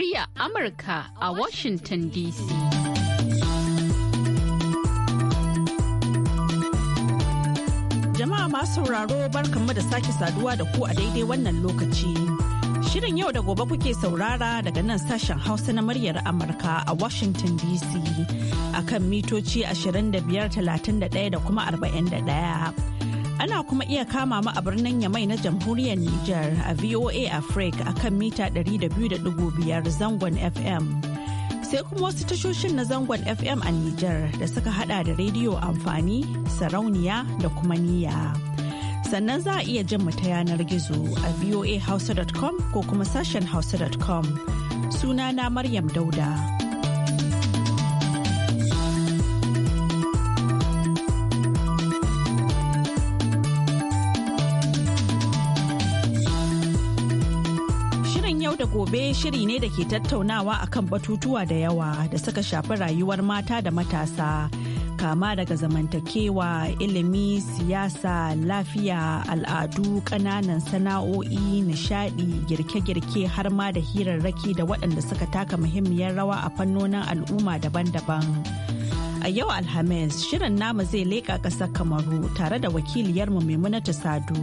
murya Amurka a Washington DC. Jama'a ma sauraro barkanmu da sake saduwa da ku a daidai wannan lokaci. Shirin yau da gobe kuke saurara daga nan sashen Hausa na muryar Amurka a Washington DC akan mitoci 25, 31 da kuma 41. Ana kuma iya kama mu a birnin Yamai na jamhuriyar Nijar a VOA Africa a kan mita 200.5 zangon FM. Sai kuma wasu tashoshin na zangon FM a Nijar da suka hada da rediyo amfani, sarauniya da kuma niyya. Sannan za a iya jin mu ta yanar gizo a voahausa.com ko kuma sashen hausa.com. Sunana Maryam Dauda. gobe shiri ne da ke tattaunawa a kan batutuwa da yawa da suka shafi rayuwar mata da matasa. Kama daga zamantakewa, ilimi, siyasa, lafiya, al'adu, kananan sana'o'i, nishadi, girke-girke har ma da hirarraki da waɗanda suka taka muhimmiyar rawa a fannonin al'umma daban-daban. A yau Alhamis, shirin namu zai leƙa ƙasar Kamaru tare da wakiliyarmu Maimunatu Sadu.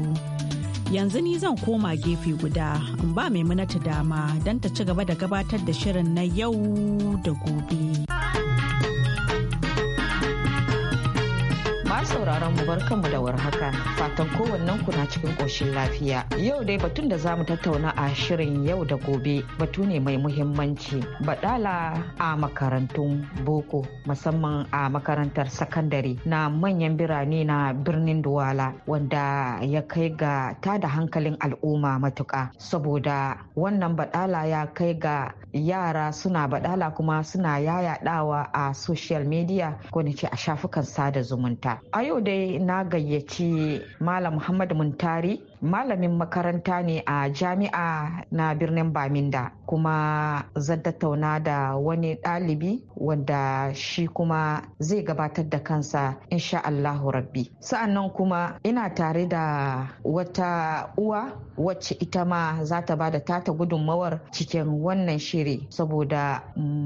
yanzu ni zan koma gefe guda in ba maimunatu dama don ta ci gaba da gabatar da shirin na yau da gobe. sauraron mu kanmu da warhaka fatan kowannen ku na cikin koshin lafiya yau dai batun da zamu tattauna a shirin yau da gobe batu ne mai muhimmanci badala a makarantun boko musamman a makarantar sakandare na manyan birane na birnin duwala wanda ya kai ga tada hankalin al'umma matuka saboda wannan badala ya kai ga yara suna badala kuma suna yayaɗawa a social media ko ce a shafukan sada zumunta a yau dai na gayyaci malam muhammad muntari malamin makaranta ne a jami'a na birnin baminda kuma zan tattauna da wani ɗalibi wanda shi kuma zai gabatar da kansa insha Allahu rabbi sa'annan kuma ina tare da wata uwa wacce ita ma za ta bada tata gudunmawar cikin wannan shiri saboda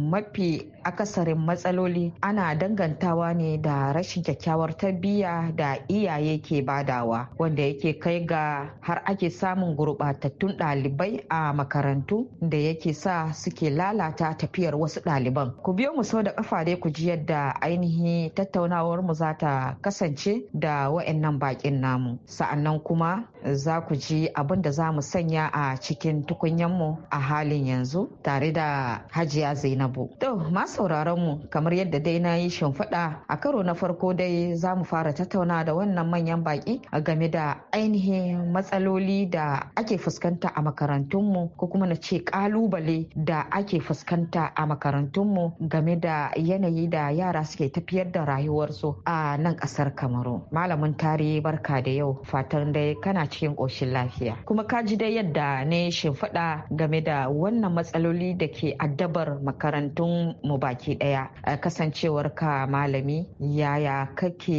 mafi akasarin matsaloli ana dangantawa ne da rashin kyakkyawar tarbiyya da iyaye ke badawa wanda yake kai ga har ake samun gurbatattun ɗalibai a makarantu da yake sa suke lalata tafiyar wasu ɗaliban. Ku biyo mu sau da ƙafa dai ku ji yadda ainihi tattaunawar mu za ta kasance da wa'annan baƙin namu. Sa'annan kuma za ku ji abin da za mu sanya a cikin tukunyanmu a halin yanzu tare da hajiya zainabu to ma sauraronmu kamar yadda dai na yi shimfiɗa a karo na farko dai za mu fara tattauna da wannan manyan baƙi game da ainihin matsaloli da ake fuskanta a makarantunmu ko kuma na ce ƙalubale da ake fuskanta a makarantunmu game da yanayi da yara suke tafiyar da rayuwarsu a nan ƙasar kamaru malamin tare barka da yau fatan dai kana cikin ƙoshin lafiya kuma ka ji dai yadda ne shimfiɗa game da wannan matsaloli da ke addabar makarantun mu baki ɗaya kasancewar ka malami yaya kake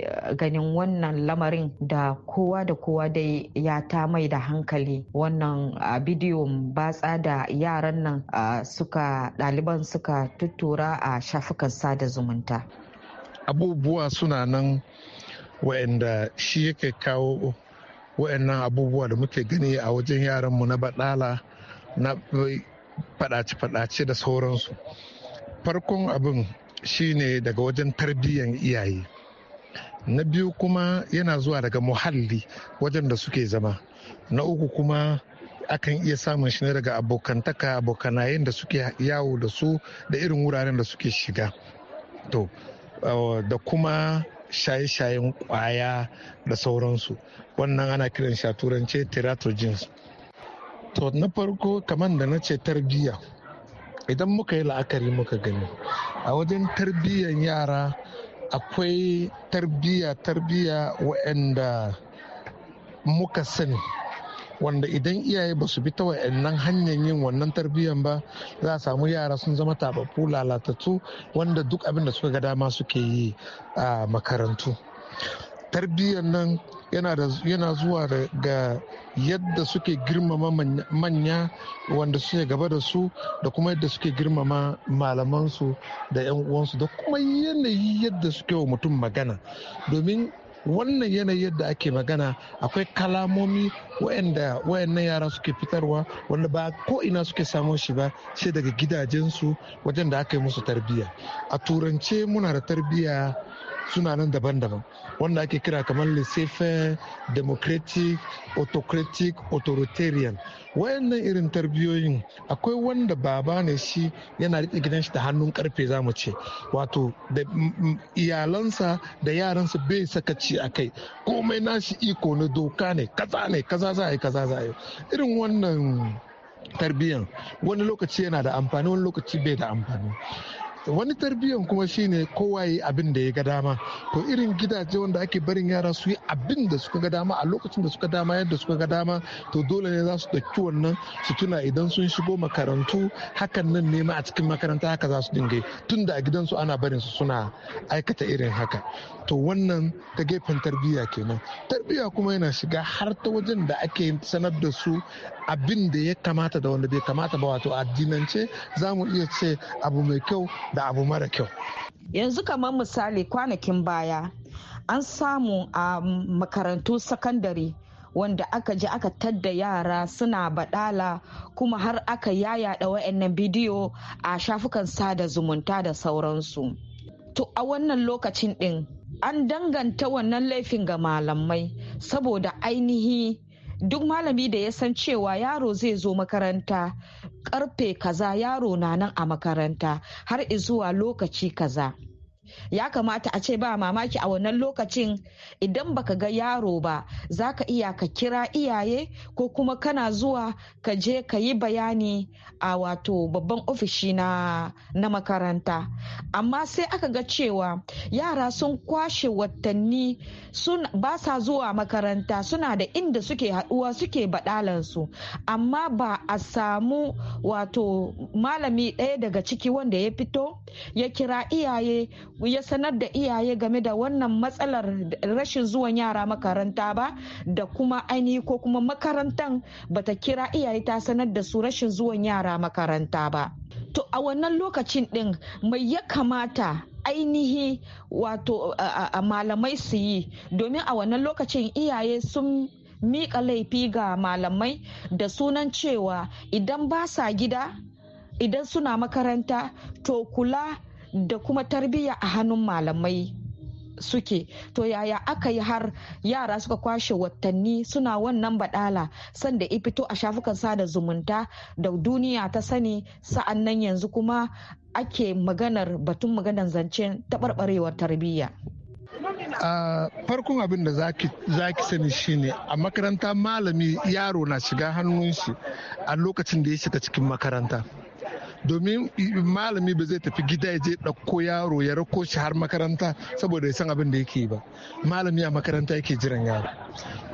eh, ganin wannan lamarin da kowa da kowa dai ya ta mai da hankali wannan bidiyon batsa da yaran nan suka ɗaliban suka tuttura a shafukan sada zumunta abubuwa suna nan wa'anda shi yake kawo wayannan abubuwa da muke gani a wajen yaran mu na badala na faɗace-faɗace da sauransu farkon abin shine daga wajen tarbiyyar iyaye na biyu kuma yana zuwa daga muhalli wajen da suke zama na uku kuma akan iya samun shi ne daga abokantaka abokanayen da suke yawo da su da irin wuraren da suke shiga to eh, da kuma shaye-shayen kwaya da sauransu wannan ana kiran shi a turance teratogens to na farko kamar da na ce tarbiyya idan muka yi la'akari muka gani a wajen tarbiyyan yara akwai tarbiyya tarbiyya waɗanda muka sani wanda idan iyaye ba su bi ta wa'annan hanyar yin wannan tarbiyyar ba za a samu yara sun zama tababbu lalatattu wanda duk abin da suka ga dama suke yi a makarantu tarbiyyar nan yana zuwa ga yadda suke girmama manya wanda suke gaba da su da kuma yadda suke girmama malamansu da 'yan uwansu da kuma yanayi yadda suke wa mutum magana domin wannan yanayi yadda ake magana akwai kalamomi wa'anda wayannan yara suke fitarwa wanda ba ko ina suke samo shi ba sai daga gidajensu wajen da aka yi musu tarbiyya a turance muna da tarbiyya suna nan daban-daban wanda ake kira kamar laissez democratic autocratic authoritarian wayannan irin tarbiyoyin akwai wanda baba ne shi yana riƙe gidan shi da hannun karfe za mu ce wato da iyalansa da yaransa bai sakaci a kai komai nashi iko na doka ne kaza ne kaza za yi kaza za yi irin wannan tarbiyyan wani lokaci yana da amfani wani lokaci bai da amfani wani tarbiyyan kuma shine kowa yi abin da ya ga dama to irin gidaje wanda ake barin yara su yi abin da suka ga dama a lokacin da suka dama yadda suka ga dama to dole ne za su ɗauki wannan su tuna idan sun shigo makarantu hakan nan nema a cikin makaranta haka za su dinga tun da a gidansu ana barin su suna aikata irin haka to wannan ta gefen tarbiyya kenan tarbiyya kuma yana shiga har ta wajen da ake sanar da su abin da ya kamata da wanda bai kamata ba wato addinance za mu iya ce abu mai kyau da abu mara kyau yanzu kamar misali kwanakin baya an samu a makarantu sakandare wanda aka ji aka tadda yara suna baɗala kuma har aka yayaɗa wa'annan bidiyo a shafukan sada zumunta da sauransu to a wannan lokacin ɗin an danganta wannan laifin ga malamai saboda ainihi duk malami da ya san cewa yaro zai zo makaranta karfe kaza yaro na nan a makaranta har izuwa lokaci kaza ya kamata a ce ba mamaki a wannan lokacin idan baka ga yaro ba za ka iya ka kira iyaye ko kuma kana zuwa ka je ka yi bayani a wato babban ofishi na, na makaranta amma sai aka ga cewa yara sun kwashe watanni sun ba sa zuwa makaranta suna da inda suke haduwa suke badalansu amma ba a samu wato malami ɗaya daga ciki wanda ya fito ya kira iyaye ya sanar da iyaye game da wannan matsalar rashin zuwan yara makaranta ba da kuma ainihi ko kuma makarantan bata kira iyaye ta sanar da su rashin zuwan yara makaranta ba to a wannan lokacin din mai ya kamata ainihi wato malamai su yi domin a wannan lokacin iyaye sun miƙa laifi ga malamai da sunan cewa idan ba sa gida idan suna makaranta to kula da kuma tarbiyya a hannun malamai suke to yaya aka yi har yara suka kwashe watanni suna wannan badala sanda ya fito a shafukan sada zumunta da duniya ta sani sa'an nan yanzu kuma ake maganar batun maganar zancen taɓarɓarewar tarbiyya a farkon abin da za ki sani shine a makaranta malami yaro na shiga hannun shi a lokacin da ya shiga cikin makaranta domin malami ba zai tafi gida ya je ɗauko yaro ya rako shi har makaranta saboda ya san abin da yake ba malami a makaranta yake jiran yaro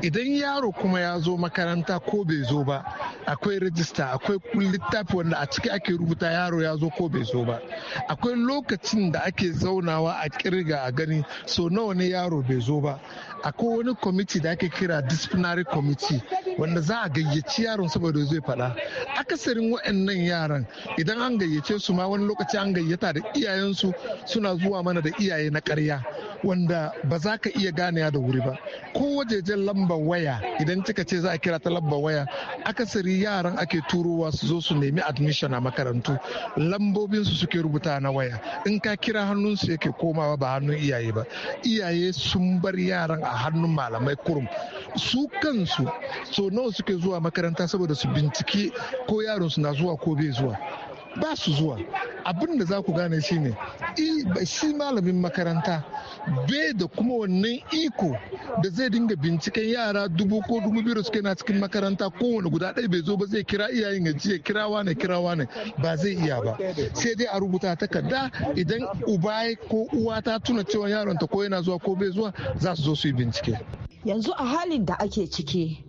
idan yaro kuma ya zo makaranta ko bai zo ba akwai rijista akwai littafi wanda a ciki ake rubuta yaro ya zo ko bai zo ba akwai lokacin da ake zaunawa a kirga a gani so nawa ne yaro bai zo ba akwai wani kwamiti da ake kira disciplinary committee wanda za a gayyaci yaron saboda zai faɗa akasarin waɗannan yaran idan an gayyace su ma wani lokaci an gayyata da iyayensu suna zuwa mana da iyaye na karya wanda ba za ka iya ganewa da wuri ba ko wajejen lambar waya idan kika ce za a kira ta lamba waya akasari yaran ake turowa su zo su nemi admission a makarantu lambobin su suke rubuta na waya in ka kira hannun yake komawa ba hannun iyaye ba iyaye sun bar yaran a hannun malamai kurum su kansu so nawa suke zuwa makaranta saboda su bincike ko yaron su na zuwa ko bai zuwa ba su zuwa abin da za ku gane shine shi malamin makaranta bai da kuma wannan iko da zai dinga binciken yara dubu ko dubu biyu suke na cikin makaranta kowane guda ɗaya bai zo ba zai kira iyayen ya ce kirawa ne kirawa ne ba zai iya ba sai dai a rubuta takarda idan uba ko uwa ta tuna cewa yaron ta ko yana zuwa ko bai zuwa za su zo su yi bincike yanzu a halin da ake ciki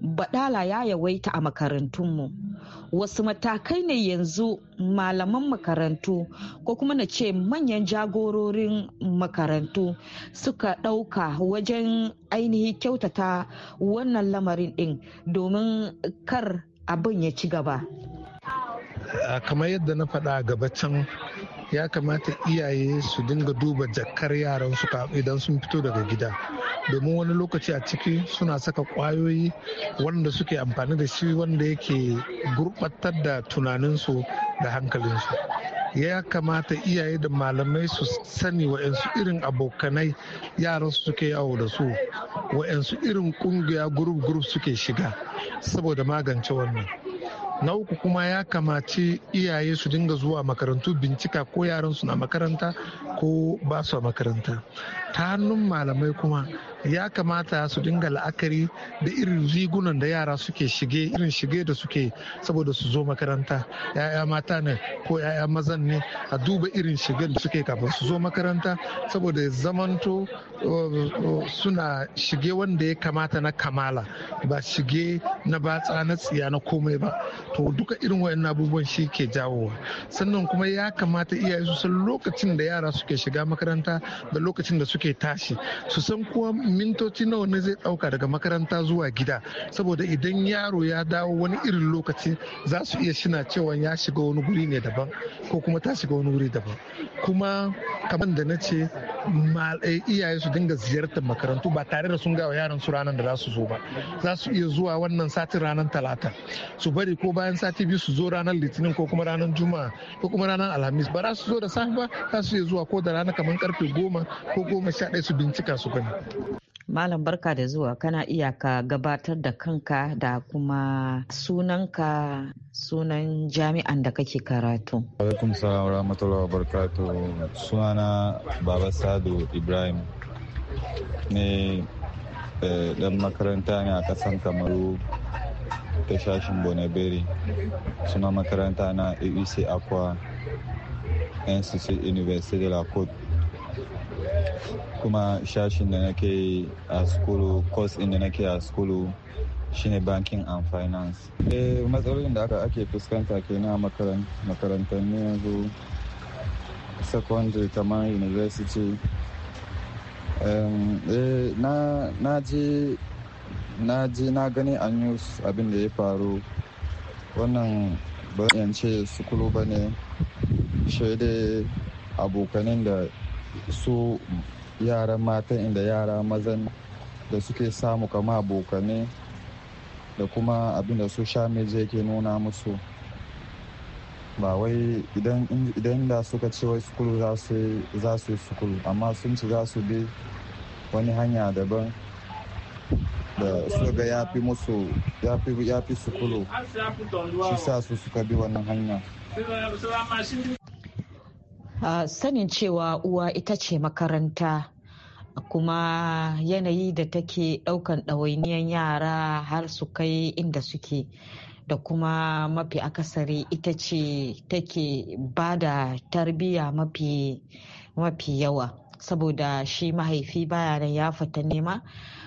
badala ya yawaita a makarantunmu wasu matakai ne yanzu malaman makarantu ko kuma na ce manyan jagororin makarantu suka ɗauka wajen ainihi kyautata wannan lamarin ɗin domin kar abin ya ci gaba kamar yadda na faɗa gabacin ya kamata iyaye su dinga duba jakar yaran su idan sun fito daga gida domin wani lokaci a ciki suna saka kwayoyi wanda suke amfani da shi wanda yake gurbatar da tunaninsu da hankalinsu ya kamata iyaye da malamai su sani wa'yansu irin abokanai yaran su suke yawo da su wa'yansu irin kungiya gurub-gurub suke shiga saboda magance wannan na uku kuma ya kamaci iyaye su dinga zuwa makarantu bincika ko yaran su na makaranta ko ba su makaranta ta hannun malamai kuma ya kamata su dinga la'akari da irin rigunan da yara suke shige irin shige da suke saboda su zo makaranta ya'ya mata ne ko ya'ya mazan ne a duba irin shigen da suke kafin su zo makaranta saboda zamanto uh, suna shige wanda ya kamata na kamala ba shige na batsa na tsiya na komai ba to duka irin wayan abubuwan shi ke jawowa sannan kuma ya kamata iyaye su san lokacin da yara suke shiga makaranta da lokacin da suke tashi su san kuwa mintoci nawa ne zai dauka daga makaranta zuwa gida saboda idan yaro ya dawo wani irin lokaci za su iya shina cewa ya shiga wani guri ne daban ko kuma ta shiga wani wuri daban kuma kamar da na ce eh, iyaye su dinga ziyartar makarantu ba tare da sun gawa yaran su ranar da za su zo ba za su iya zuwa wannan satin ranar talata su bari ko ba bayan sati biyu su zo ranar litinin ko kuma ranar juma'a ko kuma ranar alhamis ba za su zo da safe ba za su iya zuwa ko da rana kamar karfe goma ko goma sha ɗaya su bincika su gani. Malam barka da zuwa kana iya ka gabatar da kanka da kuma sunanka sunan jami'an da kake karatu. Alaikum salam rahmatullahi wa sunana Baba sadu Ibrahim ne eh, dan makaranta ne a kasan Kamaru nake shashin bonaberi suna makaranta na aec aqua institute university de la côte kuma shashin da nake a skulu course inda nake a skulu shine banking and finance eh matsalolin da aka ake fuskanta ke na makarantar ne yanzu secondary kamar university eh, na je na je na gani a news abin da ya faru wannan ba su sukulu ba ne shaidai abokanin da su yaran matan inda yara mazan da suke samu kama abokanai da kuma abin da su sha meje ke nuna musu ba wai idan da suka ce wai sukulu za su yi sukulu amma sun ci za su bi wani hanya daban da ga ya fi musu ya fi su kulo shi sa su suka bi wannan hanya Uh, sanin cewa uwa ita ce makaranta kuma yanayi da take daukan ɗawainiyan yara har su kai inda suke da kuma mafi akasari ita ce take ba da tarbiyya mafi, mafi yawa saboda shi mahaifi baya nan ya fita nema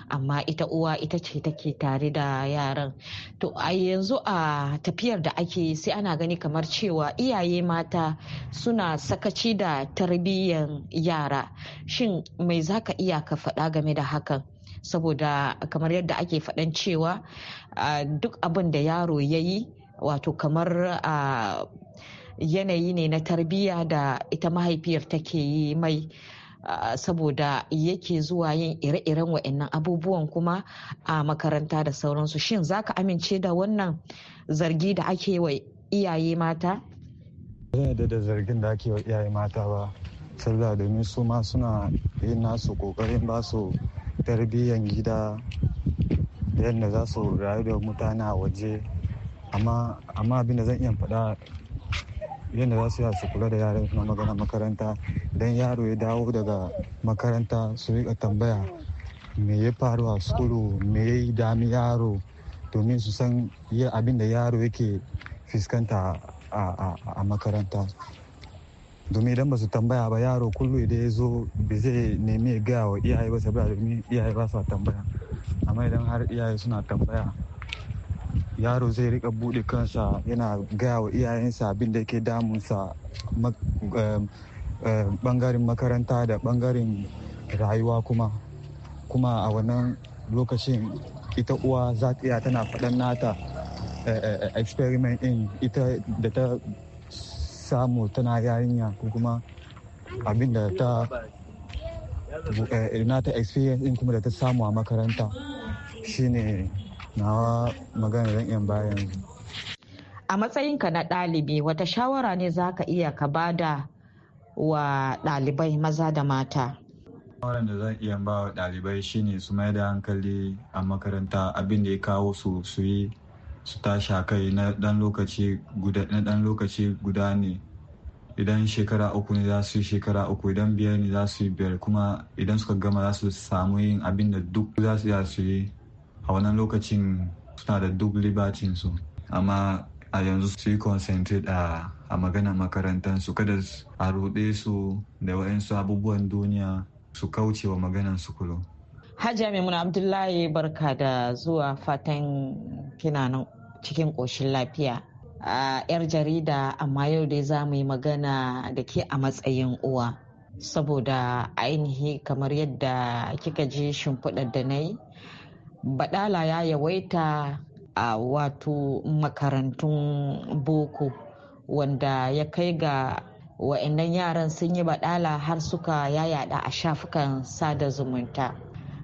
amma ita uwa ita ce take tare da yaran to a yanzu a tafiyar da ake sai ana gani kamar cewa iyaye mata suna sakaci da tarbiyyar yara shin mai zaka iya ka faɗa game da hakan saboda kamar yadda ake faɗan cewa duk abin da yaro ya yi wato kamar yanayi ne na tarbiyya da ita mahaifiyar take yi mai Ah, saboda yake zuwa yin ire-iren wa'annan abubuwan kuma a makaranta da sauransu shin za ka amince da wannan zargi da ake wa iyaye mata? zan yadda da zargin da ake wa iyaye mata ba sallah domin su ma suna yin nasu kokarin ba su tarbiyyar gida da yadda za su rayu da mutane a waje amma abin da zan iya faɗa yadda za su yi su kula da yaran suna magana makaranta don yaro ya dawo daga makaranta su rika tambaya me ya faru a sukuru me ya yi dami yaro domin su san abin da yaro yake fuskanta a makaranta domin idan ba su tambaya ba yaro kullum da ya zo ba zai nemi ya gaya wa iyaye ba saboda domin iyaye ba su tambaya amma idan har iyaye suna tambaya yaro zai rika bude kansa yana gaya wa iyayensa abin da yake damunsa bangaren eh, eh, makaranta da bangaren rayuwa kuma kuma a wannan lokacin ita uwa za ta iya tana faɗan nata eh, experiment in ita da ta samu tana yarinya ko kuma abin da ta nata experience ɗin kuma da ta samu a makaranta shine nawa magana zan iya ba yanzu a matsayinka na ɗalibi wata shawara ne za ka iya ka ba da wa ɗalibai maza da mata shawaran da zan iya ba wa ɗalibai shine su mai da hankali a makaranta abin da ya kawo su su yi su tashi a kai na ɗan lokaci guda na ɗan lokaci ne idan shekara uku ne za su yi shekara uku idan biyar ne za su yi biyar kuma idan suka gama za su samu yin abin da duk za su yi a wannan lokacin suna da duk libacin su amma a yanzu su yi concentrate a a magana su kada a ruɗe su da waɗansu abubuwan duniya su kauce wa maganan su kulo. Hajiya Maimuna Abdullahi barka da zuwa fatan kina nan cikin ƙoshin lafiya. A yar jarida amma yau dai za mu yi magana da ke a matsayin uwa. Saboda ainihi kamar yadda kika ji shimfiɗar da na yi baɗala ya yawaita a wato makarantun boko wanda ya kai ga wa'annan yaran sun yi baɗala har suka yayada a shafukan sada zumunta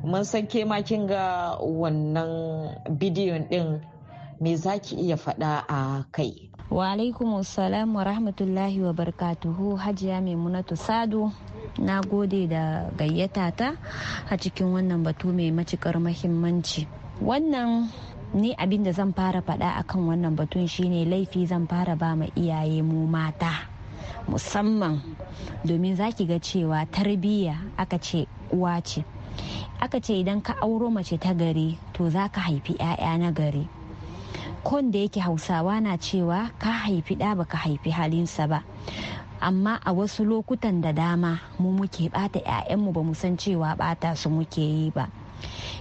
mun san ke kin ga wannan bidiyon din me za ki iya faɗa a kai wa alaikumussalam wa rahmatullahi wa barkatuhu hajiya maimunatu sadu na gode da gayyata ta a cikin wannan batu mai matukar mahimmanci wannan ni abin da zan fara faɗa akan wannan batun shine laifi zan fara ba ma iyaye mu mata musamman domin za ki ga cewa tarbiyya aka ce uwa ce aka ce idan ka auro mace ta gari to za ka haifi 'ya'ya na gari kon da yake hausawa na cewa ka haifi ɗa baka haifi halinsa ba amma a wasu lokutan da dama mu muke bata 'ya'yanmu ba mu san cewa bata su muke yi ba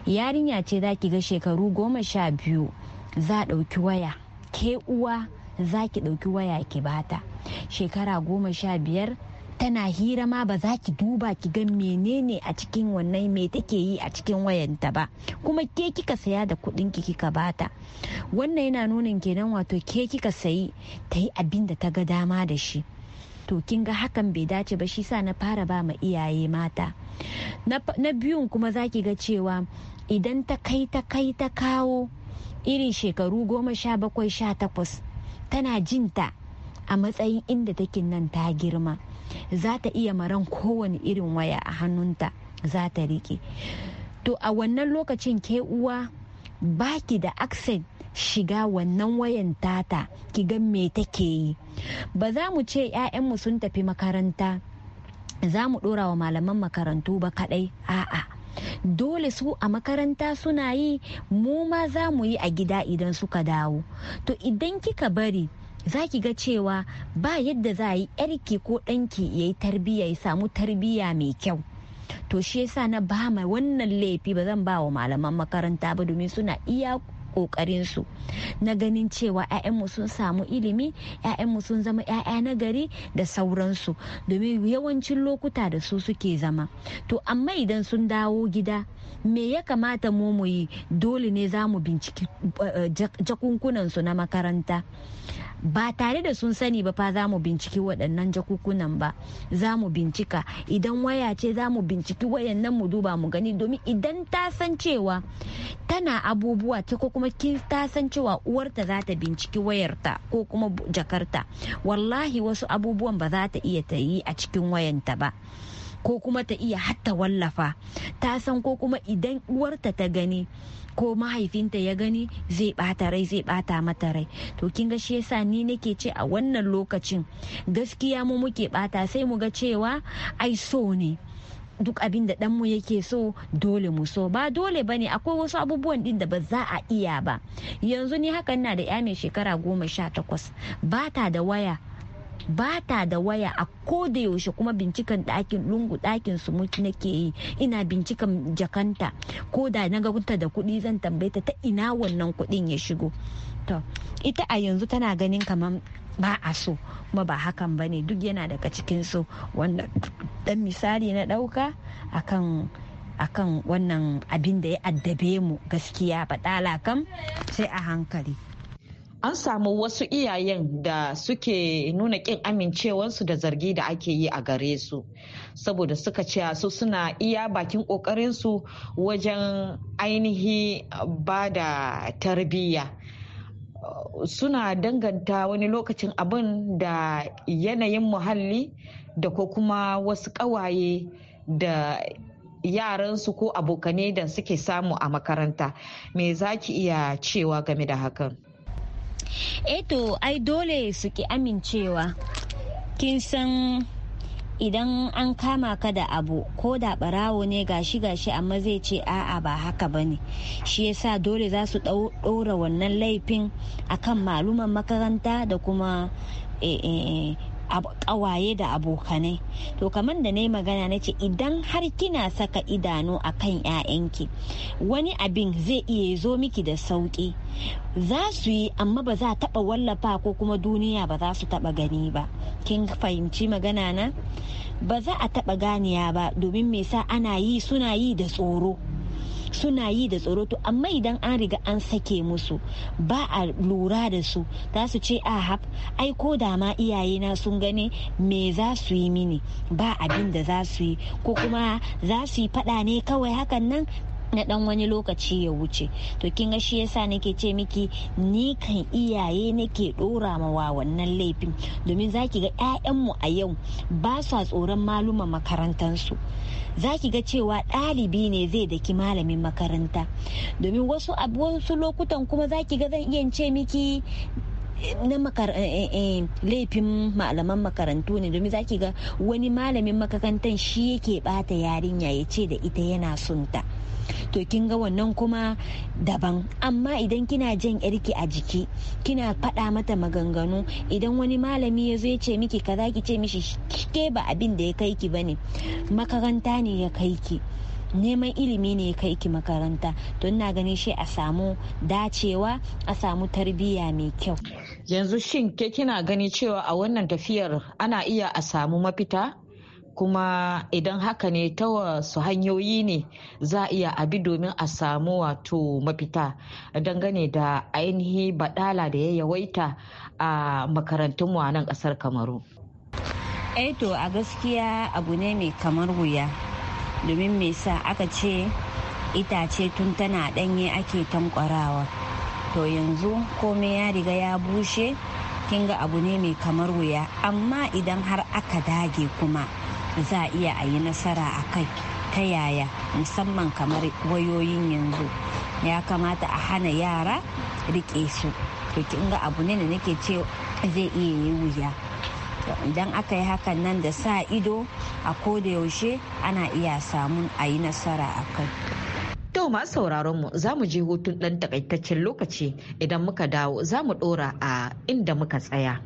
yarinya ce za ki ga shekaru goma sha biyu za ɗauki waya ke uwa za ki ɗauki waya ki bata shekara goma sha biyar tana hira ma ba za ki duba ki ga menene a cikin wannan me take yi a cikin wayanta ba kuma ke kika saya da kuɗin ki kika bata wannan yana nunin kenan wato ke kika sayi ta yi abin da ta ga dama da shi to kin ga hakan bai dace ba shi sa na fara ba ma iyaye mata na biyun kuma za ki ga cewa idan ta kai ta kai ta kawo irin shekaru goma sha bakwai sha takwas tana jinta a matsayin inda take nan ta girma za ta iya maran kowane irin waya a hannunta za ta rike to a wannan lokacin ke uwa baki da accent shiga wannan wayan tata ki ga me take yi ba za mu ce 'ya'yanmu sun tafi makaranta za mu ɗora wa malaman makarantu ba kaɗai a'a dole su a makaranta suna yi mu ma za mu yi a gida idan suka dawo to idan kika bari za ki ga cewa ba yadda za a yi yarki ko ɗanki ya yi tarbiyya ya samu tarbiyya mai kyau to shi yasa na ba mai wannan laifi ba zan ba wa malaman makaranta ba domin suna iya ƙoƙarinsu na ganin cewa 'ya'yanmu sun samu ilimi 'ya'yanmu sun zama 'ya'ya na gari da sauransu domin yawancin lokuta da su suke zama to amma idan sun dawo gida me ya kamata mu mu yi dole ne za mu binciki eh, eh, jakunkunansu na makaranta ba tare da sun sani ba fa za mu binciki waɗannan jakukunan ba za mu bincika idan waya ce za mu binciki wayannan mu duba mu gani domin idan ta san cewa tana abubuwa ta ko kuma ta san cewa uwarta za ta binciki wayarta ko kuma jakarta wallahi wasu abubuwan ba za ta iya ta yi a cikin wayanta ba ko kuma ta iya hatta wallafa ta san ko kuma idan uwarta ta gani ko mahaifinta ya gani zai bata rai zai bata mata rai to kin ga shi yasa ni nake ce a wannan lokacin gaskiya mu muke bata sai mu ga cewa ai so ne duk abin da ɗanmu yake so dole mu so ba dole ba ne akwai wasu abubuwan ɗin da ba za a iya ba yanzu ni hakan na da ya mai shekara goma sha takwas ba ta da waya ba ta da waya a koda yaushe kuma bincikan ɗakin lungu ɗakin su mutu nake yi ina bincikan jakanta ko da na ta da kuɗi zan tambaye ta ta ina wannan kuɗin ya shigo to ita a yanzu tana ganin kamar ba a so kuma ba hakan ba ne duk yana daga cikin su wannan dan misali na ɗauka akan akan wannan abin da ya addabe mu gaskiya ba kam sai a hankali an samu wasu iyayen da suke nuna ƙin amincewansu da zargi da ake yi a gare su saboda suka ce su suna iya bakin ƙoƙarinsu wajen ainihi ba da tarbiyya suna danganta wani lokacin abin da yanayin muhalli da ko kuma wasu ƙawaye da yaransu ko abokanai da suke samu a makaranta me za ki iya cewa game da hakan eto eh ai dole su ki amincewa kin san idan an kama ka da abu ko da barawo ne gashi gashi amma zai ce a'a ba haka ba ne shi yasa dole za su ɗora wannan laifin akan maluman makaranta da kuma eh, eh, kawaye da abokanai to kamar da na yi magana na ce idan har kina saka idanu a kan 'ya'yanki wani abin zai iya zo miki da sauƙi za su yi amma ba za a taɓa wallafa ko kuma duniya ba za su taɓa gani ba kin fahimci magana na ba za a taɓa ganiya ba domin me sa ana yi suna yi da tsoro suna yi da tsoro to amma idan an riga an sake musu ba a lura da su za su ce a ah, hap ai ko da ma iyaye sun gane me za su yi mini ba abin da za su yi ko kuma za su yi fada ne kawai hakan nan na dan wani lokaci ya wuce to kin ga shi yasa nake ce miki ni kan iyaye nake dora wa wannan laifin domin zaki ga mu a yau ba sa tsoron maluma makarantansu zaki ga cewa ɗalibi ne zai daki malamin makaranta domin wasu lokutan kuma zaki ga zan iya ce miki na eh, eh, eh, laifin malaman makarantu ne domin zaki ga wani malamin makarantar shi yake bata yarinya ya ce da ita yana sunta. ta to kin ga wannan kuma daban amma idan kina jan yarki a jiki kina faɗa mata maganganu idan wani malami ya zo ya ce miki kaza ki ce mishi ke ba abin da ya kai ki bane makaranta ne ya kai ki neman ilimi ne ya kai ki makaranta to ina ganin shi a samu dacewa a samu tarbiyya mai kyau yanzu shin ke kina gani cewa a wannan tafiyar ana iya a samu mafita kuma idan haka ne ta wasu hanyoyi ne za a iya abi domin a samu wato mafita dangane da ainihi badala da ya yawaita a makarantun a nan kasar kamaru eh to a gaskiya abu ne mai kamar wuya domin mai sa aka ce itace tun tana danye ake tankwarawa to yanzu komai ya riga ya bushe kin ga abu ne mai kamar wuya amma idan har aka dage kuma za a iya a yi nasara a kai ta yaya musamman kamar wayoyin yanzu ya kamata a hana yara rike su to kin ga abu ne da nake ce zai iya yi wuya idan aka yi hakan nan da sa ido a ko da yaushe ana iya samun a yi nasara a kai To masu sauraron mu za mu je hutun ɗan takaitaccen lokaci idan muka dawo za mu ɗora a inda muka tsaya.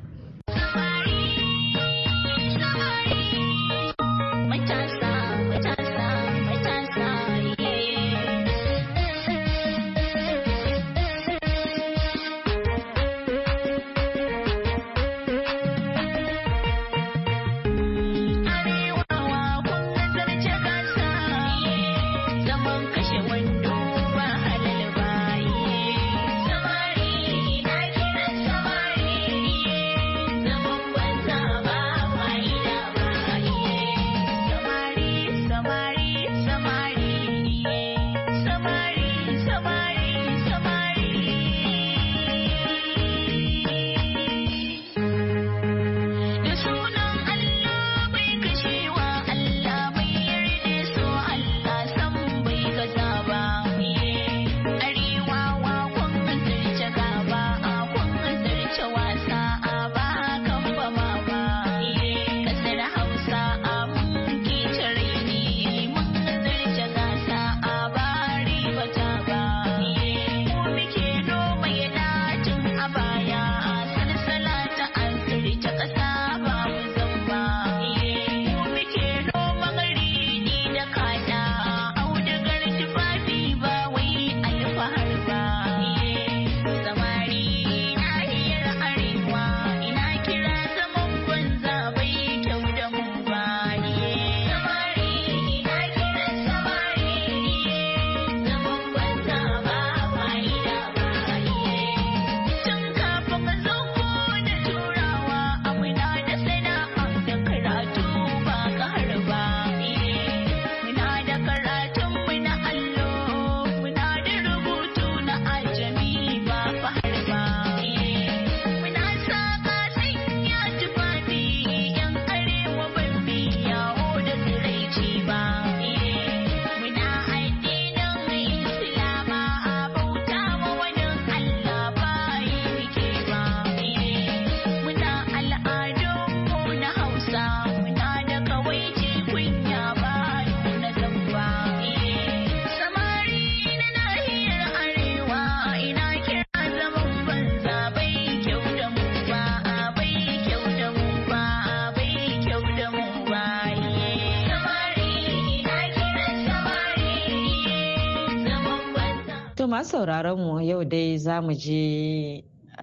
sauraron mu yau dai za mu je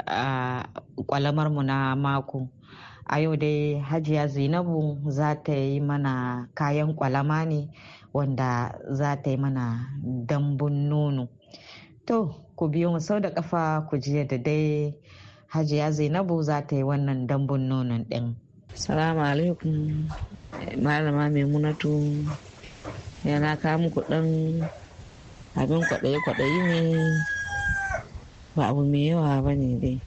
a kwalamar mu na mako. A yau dai Hajiya Zainabu za ta yi mana kayan kwalama ne wanda za ta yi mana dambun nono. To, ku biyo mu sau da kafa ku ji da dai Hajiya Zainabu za ta yi wannan dambun nonon ɗin. Salamu alaikum, Malama Maimunatu, yana kawo kudin abin kwaɗayi-kwaɗayi ne ba abu mai yawa ba ne dai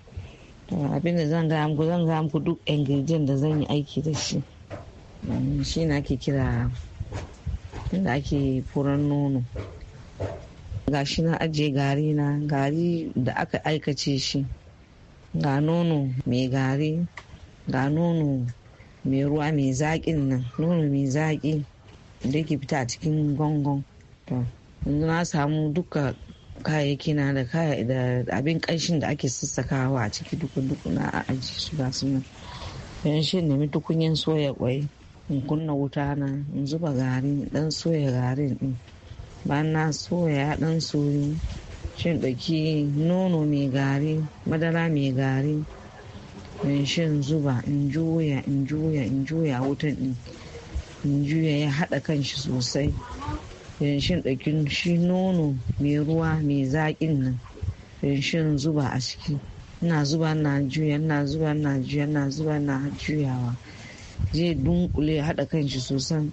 abin da zan gaya muku zan gaya muku duk ingredient da zan yi aiki da shi mm, shi na ake kira inda ake furan nono ga shi na ajiye gari na gari da aka aikace shi ga nono mai gari ga nono mai ruwa mai zaƙin nan nono mai zaƙi da ke fita a cikin gongon yanzu na samu duka kayayyaki na da abin kanshin da ake sassakawa a ciki na a aji su ga su nan yan shi nemi tukunyen soya kwai in kunna wuta na in zuba gari dan soya garin din bayan na soya dan soyu shin ɗauki nono mai gari madara mai gari in shin zuba in juya in juya in juya wutan din in juya ya haɗa kanshi sosai yanshin ɗakin shi nono mai ruwa mai zaƙin nan yanshin zuba a ciki ina zuba na juya ina zuba na juya ina zuba na juyawa zai dunkule haɗa kan shi sosan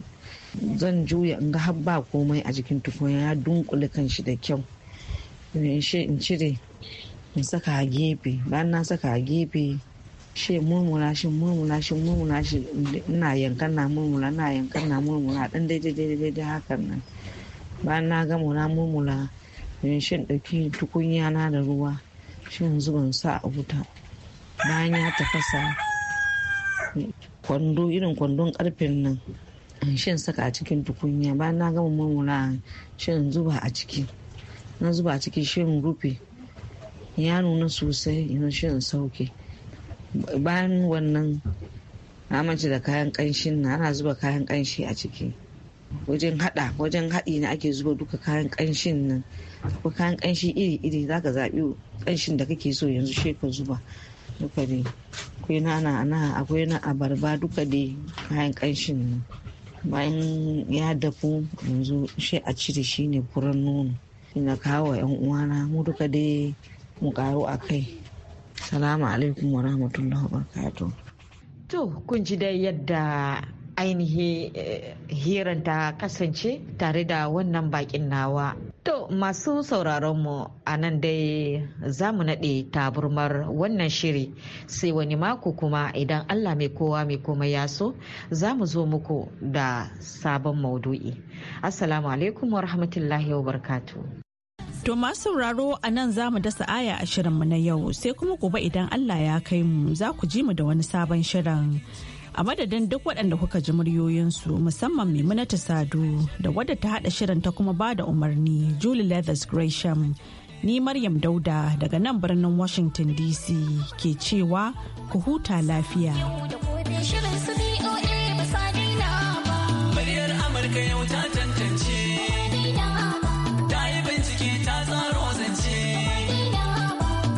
zan juya in ga har komai a jikin tukunya ya dunkule shi da kyau in cire in saka a gefe bayan na saka a gefe she murmura shi murmura shi murmura shi ina yankan na murmura na yankan na murmura dan daidai daidai daidai hakan nan bayan na gama na murmura yin eh, shin ɗauki tukunya na da ruwa shin zuban sa a wuta bayan ya tafasa kwando irin kwandon karfin nan eh, shin saka a cikin tukunya bayan na gama murmura shin zuba a ciki na zuba a ciki shin rufe ya nuna sosai yanzu shin sauke bayan wannan amince da kayan kanshin na ana zuba kayan kanshi a ciki wajen hada wajen haɗi na ake zuba duka kayan kanshin nan akwai kayan kanshi iri-iri za ka zaɓi kanshin da kake so yanzu shi ka zuba duka dai akwai na ana akwai na abarba duka dai kayan kanshin nan bayan ya dafu yanzu shi a cire shi ne furen nono ina kawo wa yan uwana mu duka dai mu karu a kai salamu alaikum wa rahmatullahi wa to kun ji dai yadda ainihi eh, hiran ta kasance tare da wannan bakin nawa to masu sauraron mu a nan dai za mu naɗe taburmar wannan shiri sai wani mako kuma idan allah mai kowa mai kuma ya so za mu zo muku da sabon maudu'i assalamu alaikum wa rahmatullahi wa barkatu To masu sauraro a nan za mu dasa aya a mu na yau sai kuma gobe idan Allah ya kai mu za ku ji mu da wani sabon shirin. A madadin duk waɗanda kuka ji muryoyinsu musamman ta Sadu da wadda ta haɗa shirin ta kuma ba da umarni Julie Leathers Gresham. Ni Maryam Dauda daga nan birnin Washington DC ke cewa ku huta lafiya. Amurka yau ta